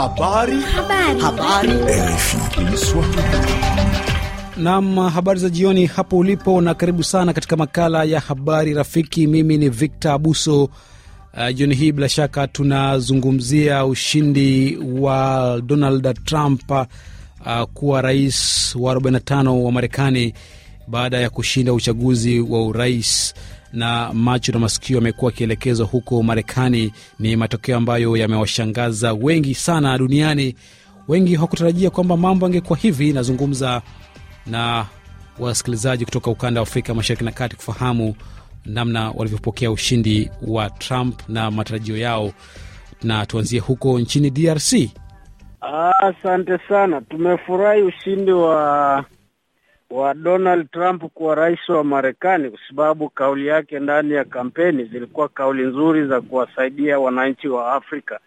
Habari. Habari. Habari. Naam, habari za jioni hapo ulipo na karibu sana katika makala ya habari rafiki. Mimi ni Victor Abuso. Uh, jioni hii bila shaka tunazungumzia ushindi wa Donald Trump uh, kuwa rais wa 45 wa Marekani baada ya kushinda uchaguzi wa urais na macho na masikio yamekuwa akielekezwa huko Marekani. Ni matokeo ambayo yamewashangaza wengi sana duniani. Wengi hawakutarajia kwamba mambo yangekuwa hivi. Nazungumza na wasikilizaji kutoka ukanda wa Afrika Mashariki na Kati kufahamu namna walivyopokea ushindi wa Trump na matarajio yao, na tuanzie huko nchini DRC. Asante sana, tumefurahi ushindi wa wa Donald Trump kuwa rais wa Marekani, kwa sababu kauli yake ndani ya kampeni zilikuwa kauli nzuri za kuwasaidia wananchi wa Afrika,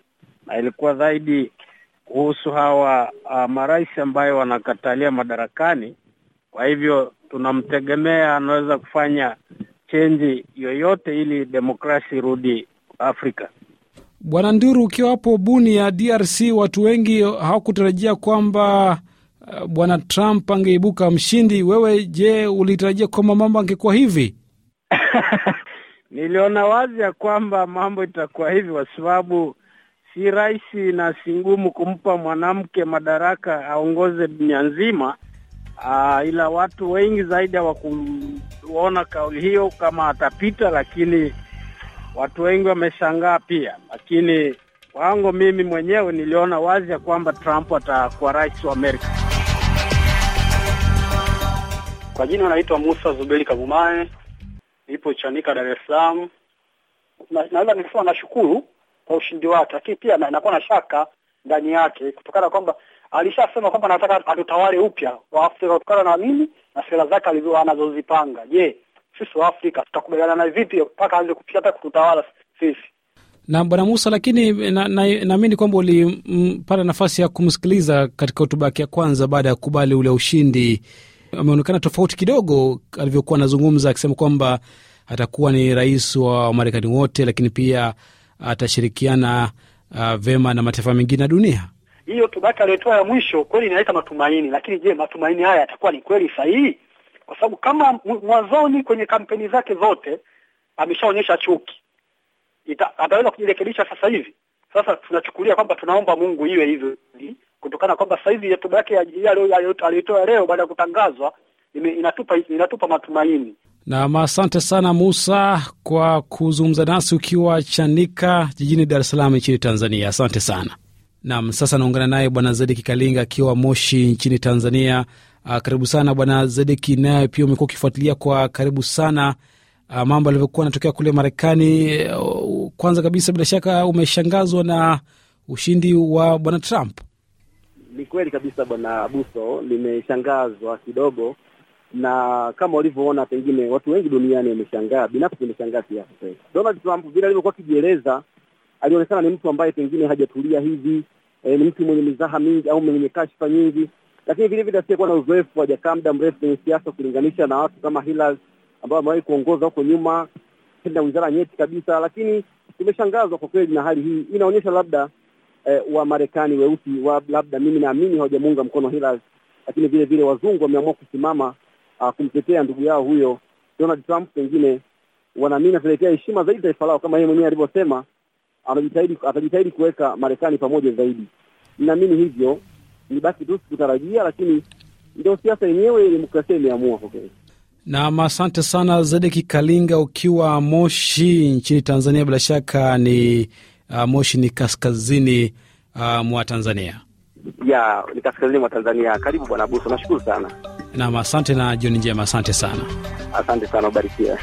na ilikuwa zaidi kuhusu hawa uh, marais ambayo wanakatalia madarakani. Kwa hivyo tunamtegemea anaweza kufanya chenji yoyote ili demokrasi irudi Afrika. Bwana Nduru, ukiwa hapo Buni ya DRC, watu wengi hawakutarajia kwamba Eh, bwana Trump angeibuka mshindi, wewe je, ulitarajia kwamba mambo angekuwa hivi? Niliona wazi ya kwamba mambo itakuwa hivi kwa sababu si rahisi na si ngumu kumpa mwanamke madaraka aongoze dunia nzima. Uh, ila watu wengi zaidi hawakuona kauli hiyo kama atapita, lakini watu wengi wameshangaa pia. Lakini kwangu mimi mwenyewe niliona wazi ya kwamba Trump atakuwa rais wa Amerika. Kwa jina naitwa Musa Zuberi Kagumane, nipo Chanika, Dar es Salaam. Naweza nisema nashukuru kwa ushindi wake, lakini pia nakuwa na shaka ndani yake kutokana kwamba alishasema kwamba anataka atutawale upya wa Afrika kutokana na nini na sera zake alivyo anazozipanga. Je, sisi wa Afrika tutakubaliana na vipi mpaka aanze kufikia hata kututawala sisi? Na bwana Musa, lakini naamini na, na kwamba ulipata nafasi ya kumsikiliza katika hotuba yake ya kwanza baada ya kukubali ule ushindi ameonekana tofauti kidogo alivyokuwa anazungumza, akisema kwamba atakuwa ni rais wa Wamarekani wote, lakini pia atashirikiana uh, vema na mataifa mengine ya dunia. Hiyo tubaki aliyotoa ya mwisho kweli inaleta matumaini, lakini je, matumaini haya yatakuwa ni kweli sahihi? Kwa sababu kama mwanzoni kwenye kampeni zake zote ameshaonyesha chuki, ataweza kujirekebisha sasa hivi? Sasa tunachukulia kwamba tunaomba Mungu iwe hivyo, kutokana kwamba sasa hivi hotuba yake aliyoitoa leo baada ya kutangazwa inatupa inatupa matumaini. Nam, asante sana Musa kwa kuzungumza nasi ukiwa Chanika jijini Dar es Salaam nchini Tanzania. Asante sana. Nam, sasa naungana naye Bwana Zedeki Kalinga akiwa Moshi nchini Tanzania. Uh, karibu sana Bwana Zedeki, naye pia umekuwa ukifuatilia kwa karibu sana uh, mambo yalivyokuwa anatokea kule Marekani. Eh, kwanza kabisa, bila shaka umeshangazwa na ushindi wa bwana Trump? Ni kweli kabisa, bwana Abuso, nimeshangazwa kidogo, na kama walivyoona, pengine watu wengi duniani wameshangaa, binafsi nimeshangaa pia. Donald Trump vile alivyokuwa akijieleza, alionekana ni mtu ambaye pengine hajatulia hivi E, ni mtu mwenye mizaha mingi au mwenye kashfa nyingi, lakini vile vile asiyekuwa na uzoefu, hajakaa muda mrefu kwenye siasa, kulinganisha na watu kama Hillary ambao wamewahi kuongoza huko nyuma, na wizara nyeti kabisa, lakini tumeshangazwa kwa kweli na hali hii. Inaonyesha labda eh, Wamarekani weusi wa labda mimi naamini hawajamuunga mkono Hillary, lakini vile vile wazungu wameamua kusimama uh, kumtetea ndugu yao huyo Donald Trump. Pengine wanaamini ataletea heshima zaidi taifa lao, kama yeye mwenyewe alivyosema, anajitahidi atajitahidi kuweka Marekani pamoja zaidi. Ninaamini hivyo, ni basi tu sikutarajia, lakini ndio siasa yenyewe, demokrasia imeamua kwa kweli. Nam, asante sana Zedeki Kalinga ukiwa Moshi nchini Tanzania. Bila shaka ni uh, Moshi ni kaskazini uh, mwa Tanzania ya ni kaskazini mwa Tanzania. Karibu bwana Buso, nashukuru sana. Nam, asante na jioni njema. Asante sana, asante sana, ubarikia.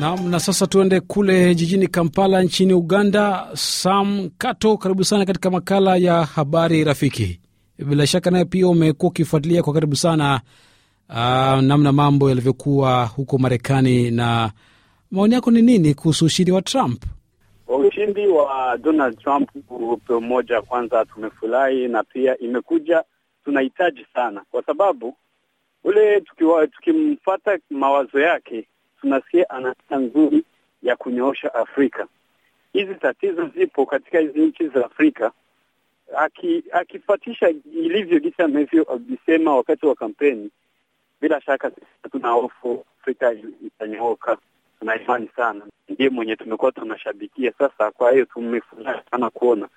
Nam, na sasa tuende kule jijini Kampala nchini Uganda. Sam Kato, karibu sana katika makala ya habari rafiki bila shaka naye pia umekuwa ukifuatilia kwa karibu sana uh, namna mambo yalivyokuwa huko Marekani, na maoni yako ni nini kuhusu ushindi wa Trump? Ushindi wa Donald Trump upe mmoja, kwanza tumefurahi, na pia imekuja tunahitaji sana, kwa sababu ule tukimfata mawazo yake tunasikia ana nia nzuri ya kunyoosha Afrika. Hizi tatizo zipo katika hizi nchi za Afrika akifuatisha ilivyo jinsi amesema wakati wa kampeni, bila shaka tuna hofu, Afrika itanyooka. Tuna imani sana, ndiye mwenye tumekuwa tunashabikia. Sasa kwa hiyo tumefurahi sana kuona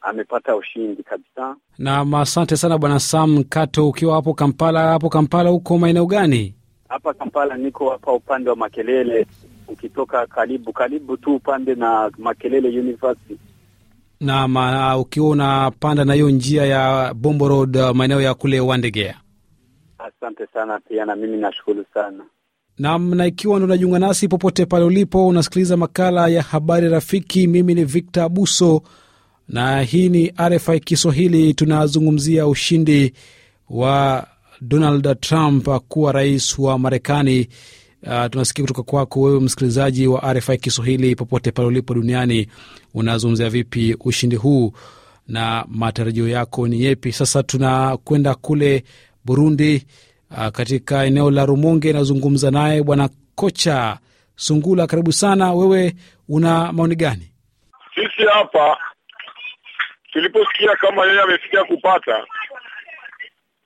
amepata ushindi kabisa. Naam, asante sana Bwana Sam Kato, ukiwa hapo Kampala. Hapo Kampala huko maeneo gani? Hapa Kampala niko hapa upande wa Makelele, ukitoka karibu karibu tu upande na Makelele University Naam, ukiwa unapanda na hiyo njia ya Bombo Road uh, maeneo ya kule Wandegea. Asante sana pia na mimi nashukuru sana. nam na ikiwa ndo unajiunga nasi popote pale ulipo, unasikiliza makala ya habari rafiki. Mimi ni Victor Abuso na hii ni RFI Kiswahili. Tunazungumzia ushindi wa Donald Trump uh, kuwa rais wa Marekani Uh, tunasikia kutoka kwako wewe msikilizaji wa RFI Kiswahili popote pale ulipo duniani, unazungumzia vipi ushindi huu na matarajio yako ni yepi? Sasa tunakwenda kule Burundi, uh, katika eneo la Rumonge. Nazungumza naye bwana kocha Sungula, karibu sana. Wewe una maoni gani? Sisi hapa tuliposikia kama yeye amefikia kupata,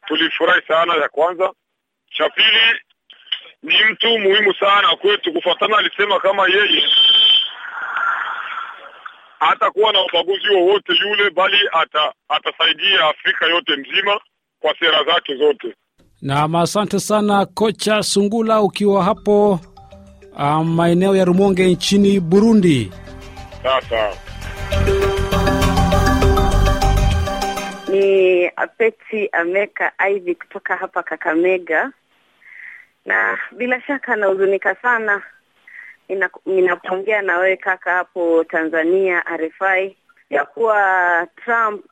tulifurahi sana, ya kwanza. Cha pili ni mtu muhimu sana kwetu, kufuatana alisema kama yeye hatakuwa na ubaguzi wowote yule, bali ata, atasaidia Afrika yote mzima kwa sera zake zote. Naam, asante sana kocha Sungula, ukiwa hapo ah, maeneo ya Rumonge nchini Burundi. Sasa ni Apeti Ameka Ivy kutoka hapa Kakamega na bila shaka nahuzunika sana ninapoongea na wewe kaka hapo Tanzania RFI ya kuwa Trump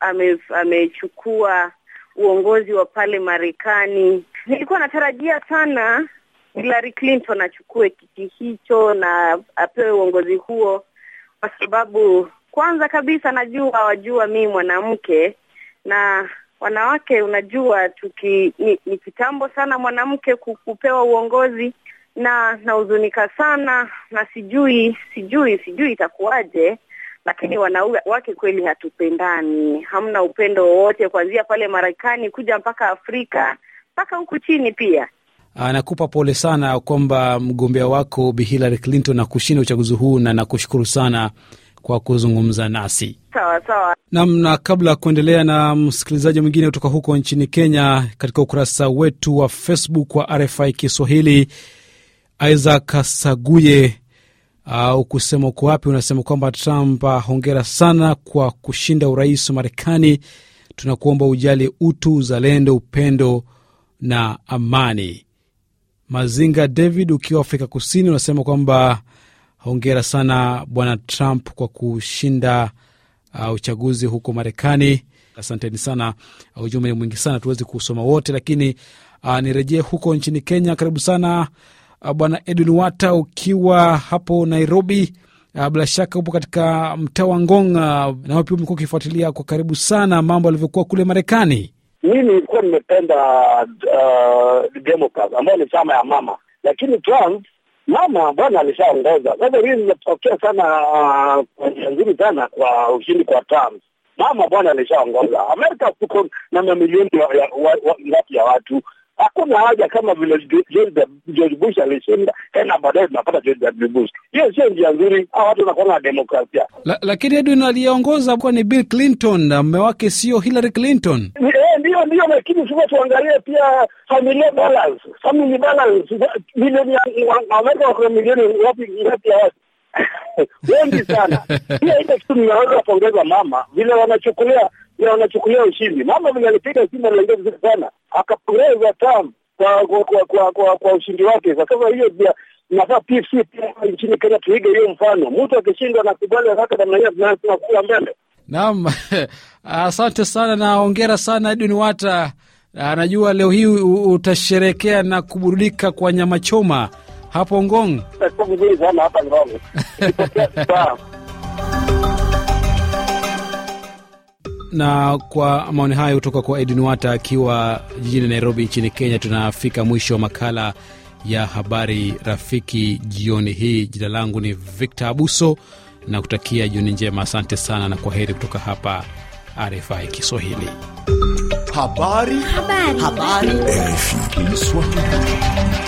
amechukua uongozi wa pale Marekani. Nilikuwa natarajia sana Hillary Clinton achukue kiti hicho na apewe uongozi huo, kwa sababu kwanza kabisa najua wajua mii mwanamke na wanawake, unajua tuki, ni, ni kitambo sana mwanamke kupewa uongozi na nahuzunika sana na sijui sijui sijui itakuwaje, lakini mm. wanawake kweli hatupendani, hamna upendo wowote kuanzia pale Marekani kuja mpaka Afrika mpaka huku chini pia. Nakupa pole sana kwamba mgombea wako Bi Hillary Clinton na kushinda uchaguzi huu na nakushukuru sana kwa kuzungumza nasi. Sawa sawa. na kabla ya kuendelea na msikilizaji mwingine kutoka huko nchini Kenya, katika ukurasa wetu wa Facebook wa RFI Kiswahili, Isaac Saguye uh, ukusema kusema uko wapi, unasema kwamba Trump, uh, hongera sana kwa kushinda urais wa Marekani. Tunakuomba ujali utu, uzalendo, upendo na amani. Mazinga David ukiwa Afrika Kusini unasema kwamba Hongera sana Bwana Trump kwa kushinda uh, uchaguzi huko Marekani. Asanteni sana. Uh, ujumbe ni mwingi sana, tuwezi kusoma wote, lakini uh, nirejee huko nchini Kenya. Karibu sana uh, Bwana Edwin Wata, ukiwa hapo Nairobi. Uh, bila shaka upo katika mtaa wa Ngong, uh, nao pia umekuwa ukifuatilia kwa karibu sana mambo alivyokuwa kule Marekani. mii nilikuwa nimependa uh, ambayo ni chama ya mama, lakini Trump mama bwana alishaongoza. Sasa hii imetokea sana uh, nzuri sana kwa ushindi kwa Trump. Mama bwana alishaongoza Amerika, tuko na mamilioni ngapi ya watu Hakuna haja kama vile George Bush alishinda tena baadaye tunapata George W. Bush. Hiyo sio njia nzuri, hao watu wanakuwa na demokrasia. Lakini Edwin, aliyeongoza kuwa ni Bill Clinton na mume wake sio Hillary Clinton. Eh, ndio, ndio, lakini sio tuangalie pia family balance, family balance, milioni wameweka kwa milioni wapi ngapi ya watu wengi sana. Pia ile kitu ninaweza kupongeza mama vile wanachukulia, vile wanachukulia ushindi. Mama vile alipiga simu aliongea vizuri sana akapoteza tam kwa kwa, kwa, kwa, kwa, kwa ushindi wake. Kwa sasa hiyo pia nafaa PFC pia nchini Kenya tuige hiyo mfano, mtu akishindwa na kubali haraka namna hiyo tunakula mbele. Naam, asante sana na hongera sana Edwin Wata. Anajua leo hii utasherekea na kuburudika kwa nyama choma hapo Ngong. Vizuri sana hapa Ngong. na kwa maoni hayo kutoka kwa Edin Wata akiwa jijini Nairobi nchini Kenya, tunafika mwisho wa makala ya habari rafiki jioni hii. Jina langu ni victo Abuso na kutakia jioni njema. Asante sana na kwa heri kutoka hapa RFI Kiswahili. Habari. Habari. Habari. RFI Kiswahili.